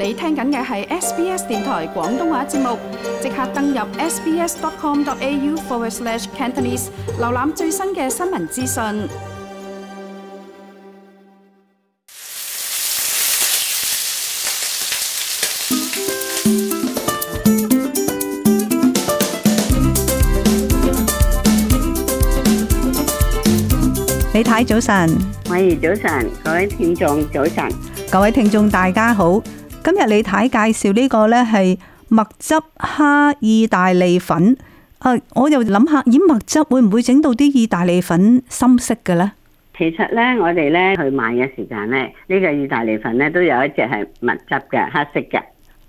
你聽緊嘅係 SBS 電台廣東話節目，即刻登入 sbs.com.au/cantonese 瀏覽最新嘅新聞資訊。李太早晨，婉如早晨，各位聽眾早晨，各位聽眾大家好。今日李太介紹呢個呢係墨汁蝦意大利粉，啊我又諗下，咦，墨汁會唔會整到啲意大利粉深色嘅呢？其實呢，我哋呢去買嘅時間呢，呢、這個意大利粉呢都有一隻係墨汁嘅黑色嘅。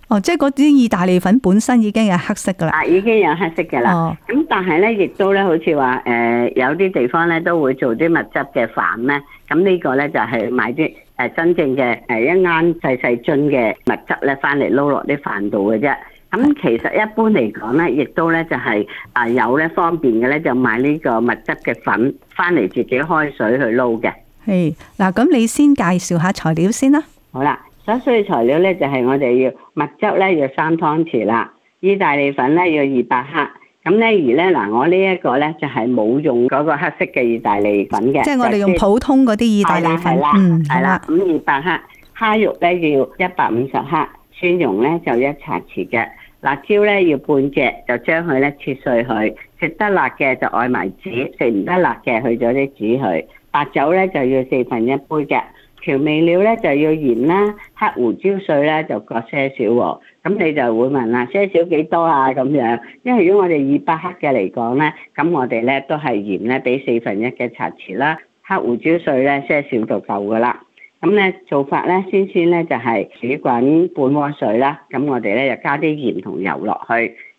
哦，即係嗰啲意大利粉本身已經係黑色噶啦、啊。已經有黑色噶啦。咁、哦、但係呢，亦都呢好似話誒、呃，有啲地方呢都會做啲墨汁嘅飯呢。咁、這、呢個呢，就係、是、買啲。係真正嘅，誒一啱細細樽嘅蜜汁咧，翻嚟，撈落啲飯度嘅啫。咁其實一般嚟講咧，亦都咧就係，啊有咧方便嘅咧，就買呢個蜜汁嘅粉翻嚟自己開水去撈嘅。係嗱，咁你先介紹下材料先啦。好啦，所需材料咧就係我哋要蜜汁咧要三湯匙啦，意大利粉咧要二百克。咁咧而咧嗱，我呢一個咧就係冇用嗰個黑色嘅意大利粉嘅。即係我哋用普通嗰啲意大利粉。係啦的，係啦、嗯，係五二百克蝦肉咧要一百五十克，蒜蓉咧就一茶匙嘅，辣椒咧要半隻，就將佢咧切碎佢。食得辣嘅就愛埋籽；食唔得辣嘅去咗啲籽。佢。白酒咧就要四分一杯嘅。調味料咧就要鹽啦，黑胡椒碎咧就各些少喎。咁你就會問啦，些少幾多啊？咁樣，因為如果我哋二百克嘅嚟講咧，咁我哋咧都係鹽咧俾四分一嘅茶匙啦，黑胡椒碎咧些少就夠噶啦。咁咧做法咧，先先咧就係煮滾半鍋水啦，咁我哋咧就加啲鹽同油落去，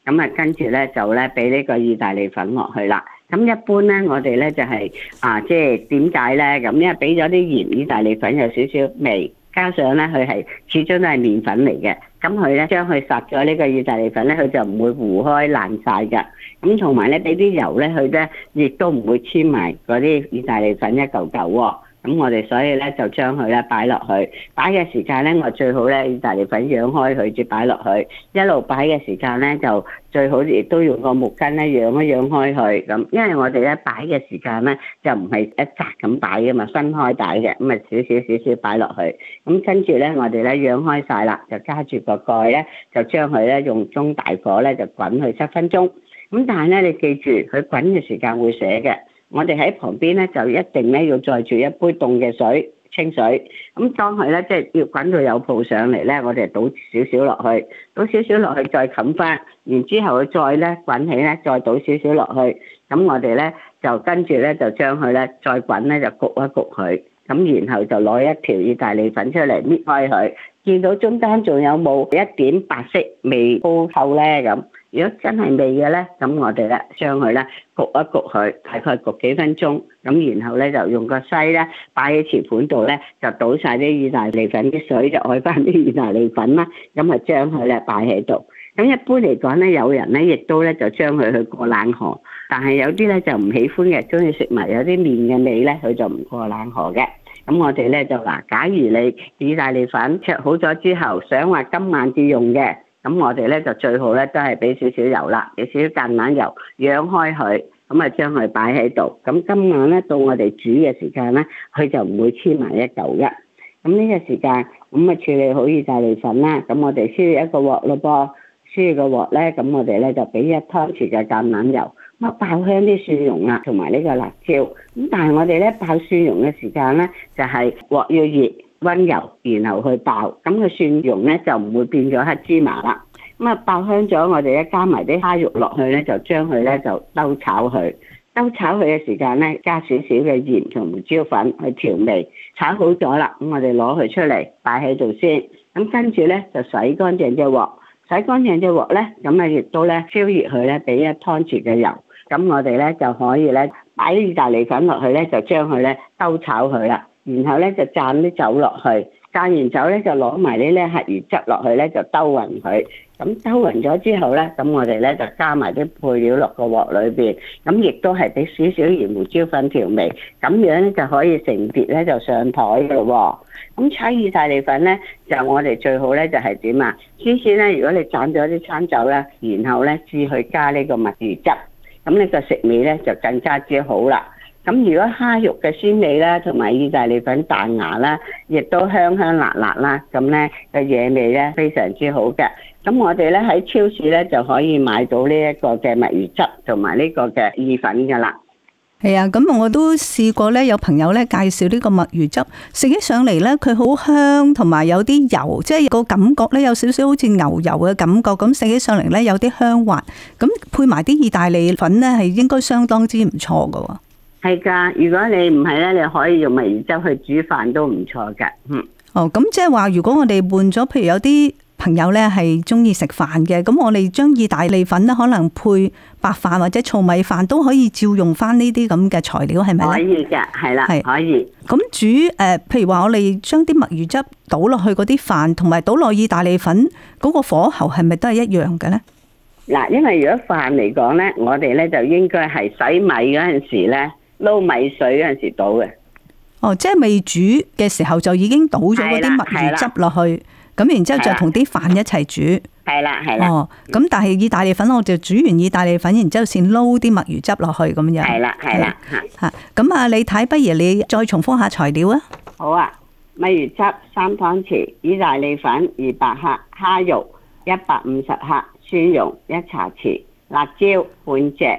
咁啊跟住咧就咧俾呢個意大利粉落去啦。咁一般咧，我哋咧就係、是、啊，即係點解咧？咁因為俾咗啲鹽，意大利粉有少少味，加上咧佢係始終都係麵粉嚟嘅，咁佢咧將佢撒咗呢個意大利粉咧，佢就唔會糊開爛晒㗎。咁同埋咧俾啲油咧，佢咧亦都唔會黐埋嗰啲意大利粉一嚿嚿喎。咁我哋所以咧就將佢咧擺落去，擺嘅時間咧我最好咧意大利粉養開佢先擺落去，一路擺嘅時間咧就最好亦都用個木棍咧養一養開佢，咁因為我哋咧擺嘅時間咧就唔係一紮咁擺嘅嘛，分開小小小小小擺嘅，咁啊少少少少擺落去，咁跟住咧我哋咧養開晒啦，就加住個蓋咧，就將佢咧用中大火咧就滾佢七分鐘，咁但係咧你記住佢滾嘅時間會寫嘅。我哋喺旁邊咧，就一定咧要載住一杯凍嘅水，清水。咁當佢咧即係要滾到有泡上嚟咧，我哋倒少少落去，倒少少落去再冚翻，然之後佢再咧滾起咧，再倒少少落去。咁我哋咧就跟住咧就將佢咧再滾咧就焗一焗佢。咁然後就攞一條意大利粉出嚟搣開佢，見到中間仲有冇一點白色未煲透咧咁？如果真係未嘅咧，咁我哋咧將佢咧焗一焗佢，大概焗幾分鐘，咁然後咧就用個篩咧擺喺瓷盤度咧，就倒晒啲意大利粉啲水，就愛翻啲意大利粉啦，咁啊將佢咧擺喺度。咁一般嚟講咧，有人咧亦都咧就將佢去過冷河，但係有啲咧就唔喜歡嘅，中意食埋有啲麵嘅味咧，佢就唔過冷河嘅。咁我哋咧就話，假如你意大利粉着好咗之後，想話今晚至用嘅。咁我哋咧就最好咧都係俾少少油啦，有少少橄欖油，養開佢，咁啊將佢擺喺度。咁今晚咧到我哋煮嘅時間咧，佢就唔會黐埋一嚿一。咁呢個時間，咁啊處理好意大利粉啦。咁我哋需要一個鑊咯噃，需要個鑊咧，咁我哋咧就俾一湯匙嘅橄欖油，咁爆香啲蒜蓉啊，同埋呢個辣椒。咁但係我哋咧爆蒜蓉嘅時間咧，就係鑊要熱。溫油，然後去爆，咁個蒜蓉咧就唔會變咗黑芝麻啦。咁啊爆香咗，我哋咧加埋啲蝦肉落去咧，就將佢咧就兜炒佢。兜炒佢嘅時間咧，加少少嘅鹽同胡椒粉去調味。炒好咗啦，咁我哋攞佢出嚟擺喺度先。咁跟住咧就洗乾淨隻鑊，洗乾淨隻鑊咧，咁啊亦都咧，燒熱佢咧，俾一湯匙嘅油。咁我哋咧就可以咧擺啲意大利粉落去咧，就將佢咧兜炒佢啦。然後咧就攢啲酒落去，攢完酒咧就攞埋呢咧墨魚汁落去咧就兜勻佢，咁兜勻咗之後咧，咁我哋咧就加埋啲配料落個鑊裏邊，咁亦都係俾少少鹽胡椒粉調味，咁樣就可以成碟咧就上台嘅喎。咁炒意大利粉咧，就我哋最好咧就係點啊？先先咧，如果你攢咗啲餐酒啦，然後咧至去加呢個墨魚汁，咁你個食味咧就更加之好啦。咁如果蝦肉嘅鮮味啦，同埋意大利粉彈牙啦，亦都香香辣辣啦，咁咧嘅嘢味咧非常之好嘅。咁我哋咧喺超市咧就可以買到呢一個嘅墨魚汁同埋呢個嘅意粉噶啦。係啊，咁我都試過咧，有朋友咧介紹呢個墨魚汁食起上嚟咧，佢好香，同埋有啲油，即係個感覺咧有少少好似牛油嘅感覺咁，食起上嚟咧有啲香滑，咁配埋啲意大利粉咧係應該相當之唔錯嘅。係噶，如果你唔係咧，你可以用墨魚汁去煮飯都唔錯噶。嗯。哦，咁即係話，如果我哋換咗，譬如有啲朋友咧係中意食飯嘅，咁我哋將意大利粉咧，可能配白飯或者糙米飯都可以照用翻呢啲咁嘅材料，係咪？可以嘅，係啦，係是可以。咁煮誒，譬如話我哋將啲墨魚汁倒落去嗰啲飯，同埋倒落意大利粉，嗰個火候係咪都係一樣嘅咧？嗱，因為如果飯嚟講咧，我哋咧就應該係洗米嗰陣時咧。撈米水嗰陣時倒嘅，哦，即係未煮嘅時候就已經倒咗嗰啲墨魚汁落去，咁然之後就同啲飯一齊煮。係啦係啦，哦，咁、嗯、但係意大利粉我就煮完意大利粉，然之後先撈啲墨魚汁落去咁樣。係啦係啦，吓吓，咁啊，你睇，不如你再重複下材料啊。好啊，墨魚汁三湯匙，意大利粉二百克，蝦肉一百五十克，蒜蓉一茶匙，辣椒半隻。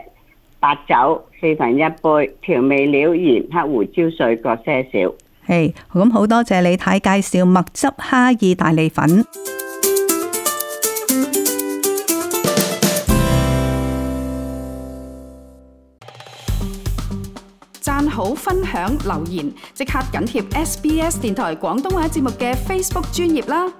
白酒四分一杯，調味料鹽、黑胡椒碎各些少。係，咁好多謝你睇介紹墨汁蝦意大利粉。讚好、分享、留言，即刻緊貼 SBS 電台廣東話節目嘅 Facebook 專頁啦！